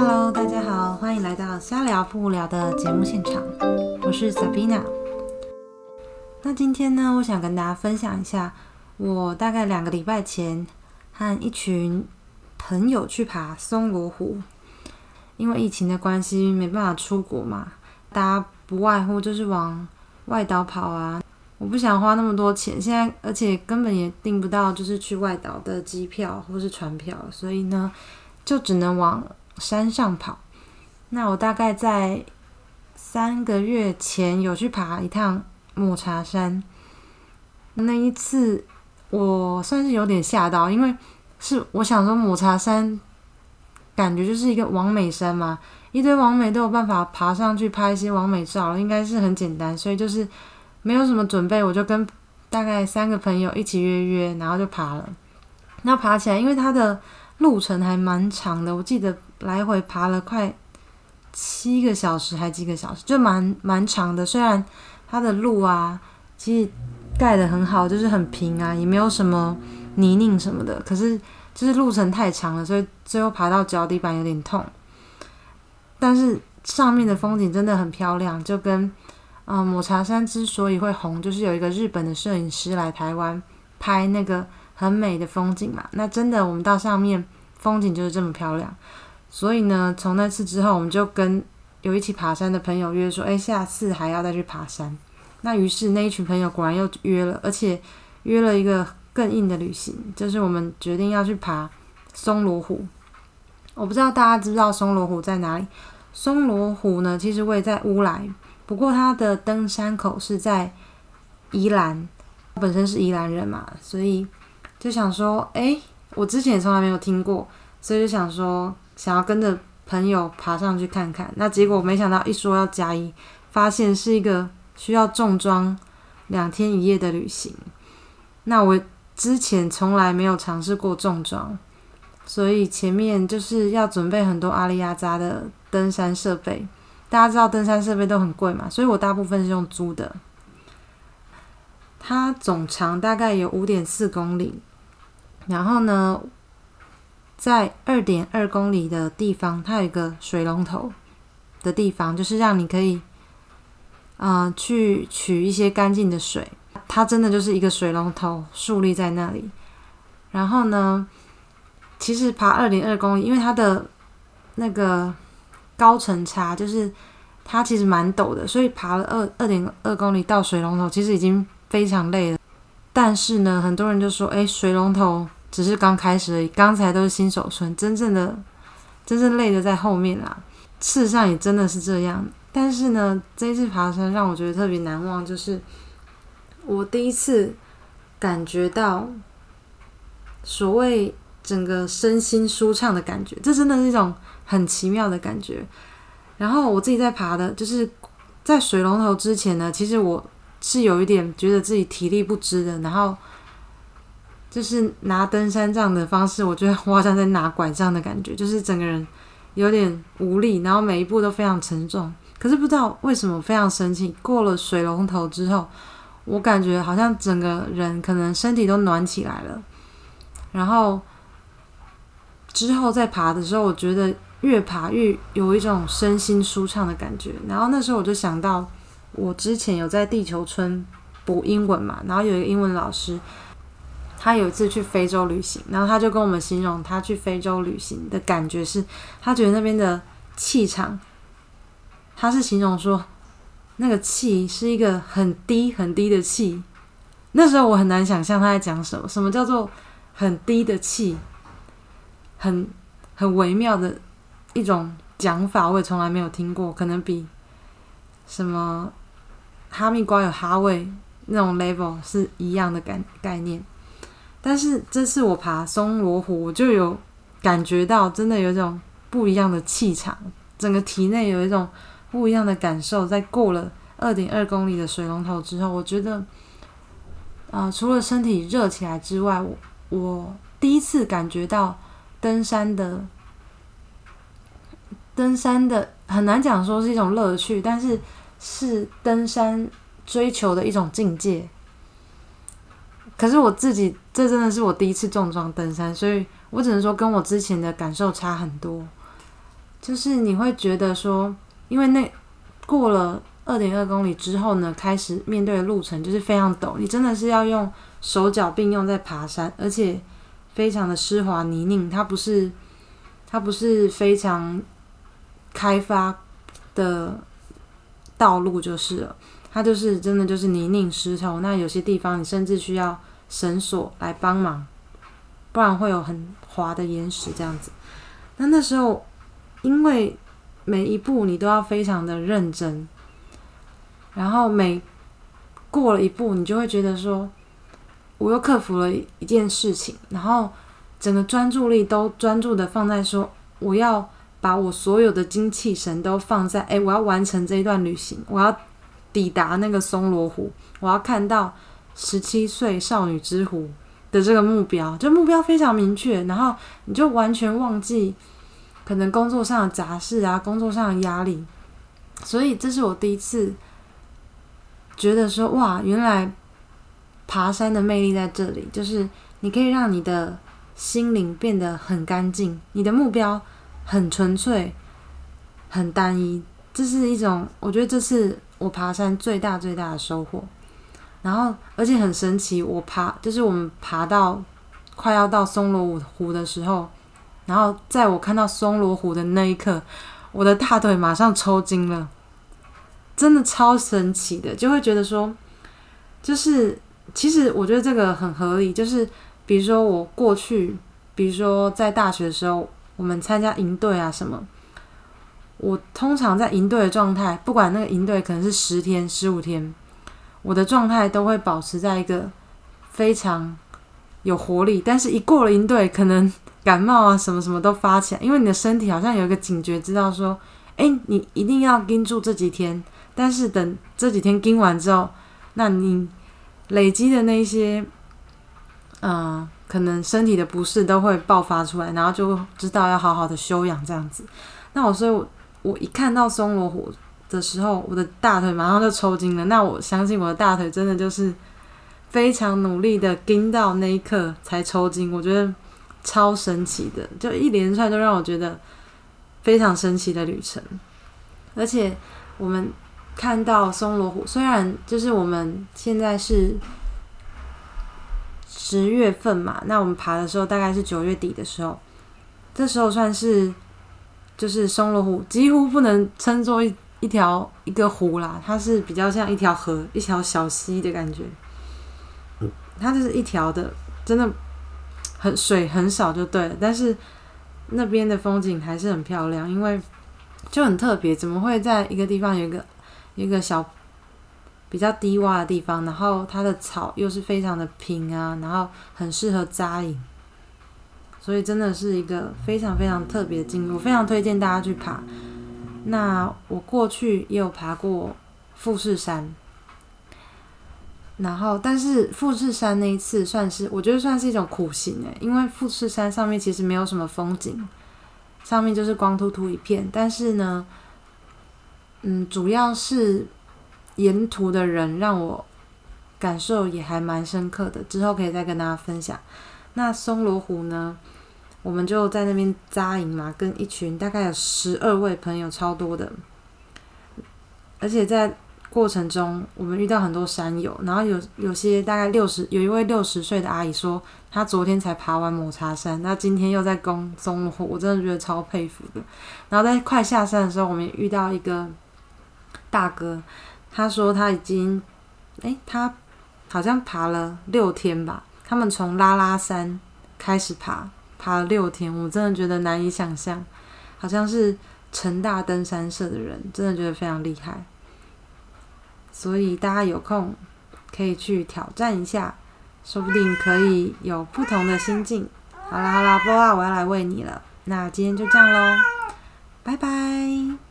Hello，大家好，歡迎來到瞎聊不無聊的節目現場，我是 Sabina。那今天呢，我想跟大家分享一下，我大概兩個禮拜前和一群朋友去爬松蘿湖，因為疫情的關係沒辦法出國嘛，大家不外乎就是往外島跑啊。我不想花那麼多錢，現在而且根本也訂不到就是去外島的機票或是船票，所以呢，就只能往。山上跑，那我大概在三個月前有去爬一趟抹茶山。那一次我算是有點嚇到，因為是我想說抹茶山感覺就是一個網美山嘛，一堆網美都有辦法爬上去拍一些網美照，應該是很簡單，所以就是沒有什麼準備，我就跟大概三個朋友一起約約，然後就爬了。那爬起來，因為它的。路程還蠻長的，我記得來回爬了快七個小時，還幾個小時，就蠻蠻長的。雖然它的路啊，其實蓋得很好，就是很平啊，也沒有什麼泥濘什麼的。可是就是路程太長了，所以最後爬到腳底板有點痛。但是上面的風景真的很漂亮，就跟啊、呃、抹茶山之所以會紅，就是有一個日本的攝影師來台灣拍那個。很美的風景嘛，那真的，我們到上面風景就是這麼漂亮。所以呢，從那次之後，我們就跟有一起爬山的朋友約說，誒、欸，下次還要再去爬山。那於是那一群朋友果然又約了，而且約了一個更硬的旅行，就是我們決定要去爬松蘿湖。我不知道大家知不知道松蘿湖在哪裡？松蘿湖呢，其實位在烏來，不過它的登山口是在宜蘭。本身是宜蘭人嘛，所以。就想說，哎、欸，我之前從來沒有聽過，所以就想說，想要跟着朋友爬上去看看。那結果沒想到一說要加一，發現是一個需要重裝兩天一夜的旅行。那我之前從來沒有嘗試過重裝，所以前面就是要準備很多阿哩阿雜的登山設備。大家知道登山設備都很貴嘛，所以我大部分是用租的。它總長大概有五點四公里。然後呢，在二點二公里的地方，它有一個水龍頭的地方，就是讓你可以，呃，去取一些乾淨的水。它真的就是一個水龍頭豎立在那裡。然後呢，其實爬二點二公里，因為它的那個高程差，就是它其實蠻陡的，所以爬了二二點二公里到水龍頭，其實已經非常累了。但是呢，很多人就說：“哎，水龍頭。”只是剛開始而已，剛才都是新手村，真正的真正累的在後面啦、啊。事實上也真的是這樣。但是呢，這一次爬山讓我覺得特別難忘，就是我第一次感覺到所謂整個身心舒暢的感覺，這真的是一種很奇妙的感覺。然後我自己在爬的，就是在水龍頭之前呢，其實我是有一點覺得自己體力不支的，然後。就是拿登山杖的方式，我覺得我好像在拿拐杖的感覺，就是整個人有點無力，然後每一步都非常沉重。可是不知道為什麼非常神奇，過了水龍頭之後，我感覺好像整個人可能身體都暖起來了。然後之後再爬的時候，我覺得越爬越有一種身心舒暢的感覺。然後那時候我就想到，我之前有在地球村補英文嘛，然後有一個英文老師。他有一次去非洲旅行，然後他就跟我們形容他去非洲旅行的感覺是，他覺得那邊的氣場，他是形容說那個氣是一個很低很低的氣。那時候我很難想象他在講什麼，什麼叫做很低的氣，很很微妙的一種講法，我也從來沒有聽過，可能比什麼哈密瓜有哈味那種 level 是一樣的感概念。但是這次我爬松羅湖，我就有感覺到，真的有一種不一樣的氣場，整個體內有一種不一樣的感受。在過了二點二公里的水龍頭之後，我覺得，啊，呃，除了身體熱起來之外，我我第一次感覺到登山的，登山的，很難講說是一種樂趣，但是是登山追求的一種境界。可是我自己，這真的是我第一次重裝登山，所以我只能說跟我之前的感受差很多。就是你會覺得說，因為那過了二點二公里之後呢，開始面對的路程就是非常陡，你真的是要用手腳並用在爬山，而且非常的濕滑泥濘，它不是，它不是非常開發的道路就是了，它就是真的就是泥濘石頭。那有些地方你甚至需要繩索來幫忙，不然會有很滑的岩石這樣子。那那時候，因為每一步你都要非常的認真，然後每過了一步，你就會覺得說，我又克服了一件事情。然後整個專注力都專注的放在說，我要把我所有的精氣神都放在，哎，我要完成這一段旅行，我要抵達那個松羅湖，我要看到。十七歲少女之湖的這個目標，就目標非常明確，然後你就完全忘記可能工作上的雜事啊，工作上的壓力。所以這是我第一次覺得說，哇，原來爬山的魅力在這裡，就是你可以讓你的心靈變得很乾淨，你的目標很純粹，很單一。這是一種，我覺得這是我爬山最大最大的收穫。然後，而且很神奇，我爬就是我們爬到快要到松蘿湖的時候，然後在我看到松蘿湖的那一刻，我的大腿馬上抽筋了，真的超神奇的，就會覺得說，就是其實我覺得這個很合理，就是比如說我過去，比如說在大學的時候，我們參加營隊啊什麼，我通常在營隊的狀態，不管那個營隊可能是十天、十五天。我的狀態都會保持在一個非常有活力，但是一過了應對，可能感冒啊什麼什麼都發起來，因為你的身體好像有一個警覺，知道說，誒你一定要盯住這幾天。但是等這幾天盯完之後，那你累積的那些，嗯、呃，可能身體的不適都會爆發出來，然後就會知道要好好的休養這樣子。那我所以，我我一看到松蘿湖，的時候，我的大腿馬上就抽筋了。那我相信我的大腿真的就是非常努力的盯到那一刻才抽筋，我覺得超神奇的。就一連串都讓我覺得非常神奇的旅程。而且我們看到松蘿湖，雖然就是我們現在是十月份嘛，那我們爬的時候大概是九月底的時候，這時候算是就是松蘿湖幾乎不能稱作一。一條一個湖啦，它是比較像一條河，一條小溪的感覺。它就是一條的，真的很，很水很少就對了。但是那邊的風景還是很漂亮，因為就很特別。怎麼會在一個地方有一個一個小比較低窪的地方，然後它的草又是非常的平啊，然後很適合紮營。所以真的是一個非常非常特別的景，我非常推薦大家去爬。那我過去也有爬過富士山，然後但是富士山那一次算是我覺得算是一種苦行誒、欸，因為富士山上面其實沒有什麼風景，上面就是光禿禿一片，但是呢，嗯，主要是沿途的人讓我感受也還蠻深刻的，之後可以再跟大家分享。那松蘿湖呢？我們就在那邊紮營嘛，跟一群大概有十二位朋友，超多的。而且在過程中，我們遇到很多山友，然後有有些大概六十，有一位六十歲的阿姨說，她昨天才爬完抹茶山，那今天又在攻松蘿湖，我真的覺得超佩服的。然後在快下山的時候，我們也遇到一個大哥，他說他已經，哎，他好像爬了六天吧？他們從拉拉山開始爬。爬了六天，我真的覺得難以想象，好像是成大登山社的人，真的覺得非常厲害。所以大家有空可以去挑戰一下，說不定可以有不同的心境。好啦好啦，波啊，我要來餵你了。那今天就這樣嘍，拜拜。